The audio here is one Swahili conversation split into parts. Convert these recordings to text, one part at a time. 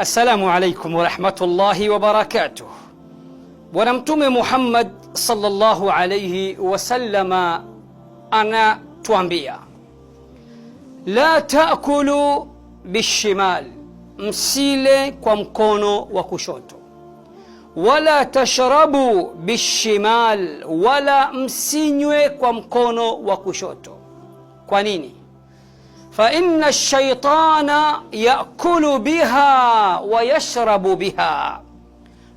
Assalamu alaikum warahmatullahi wabarakatuh. Bwana Mtume Muhammad sallallahu alayhi wasallama anatuambia, la taakulu bishimal, msile kwa mkono wa kushoto, wala tashrabu bishimal, wala msinywe kwa mkono wa kushoto. Kwa nini? fa inna shaitana yakulu biha wa yashrabu biha,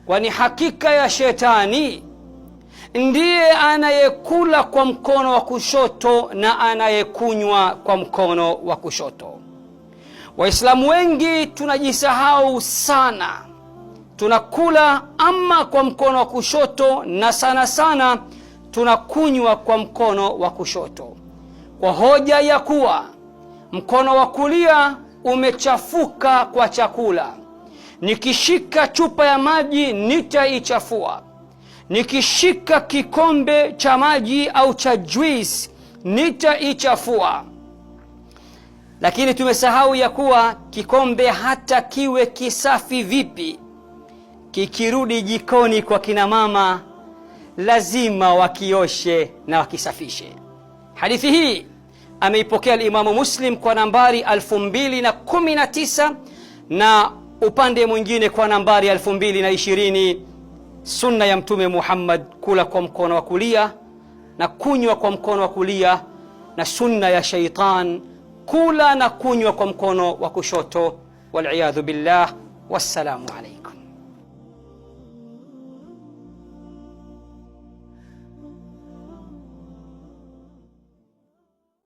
kwani hakika ya shetani ndiye anayekula kwa mkono wa kushoto na anayekunywa kwa mkono wa kushoto. Waislamu wengi tunajisahau sana, tunakula ama kwa mkono wa kushoto na sana sana tunakunywa kwa mkono wa kushoto, kwa hoja ya kuwa mkono wa kulia umechafuka kwa chakula. Nikishika chupa ya maji nitaichafua, nikishika kikombe cha maji au cha juisi nitaichafua. Lakini tumesahau ya kuwa kikombe hata kiwe kisafi vipi, kikirudi jikoni kwa kina mama lazima wakioshe na wakisafishe. Hadithi hii ameipokea Imamu Muslim kwa nambari 2019 na upande mwingine kwa nambari 2020. Sunna ya Mtume Muhammad, kula kwa mkono wa kulia na kunywa kwa mkono wa kulia, na sunna ya shaitan, kula na kunywa kwa mkono wa kushoto. Waliyadhu billah. Wassalamu alaikum.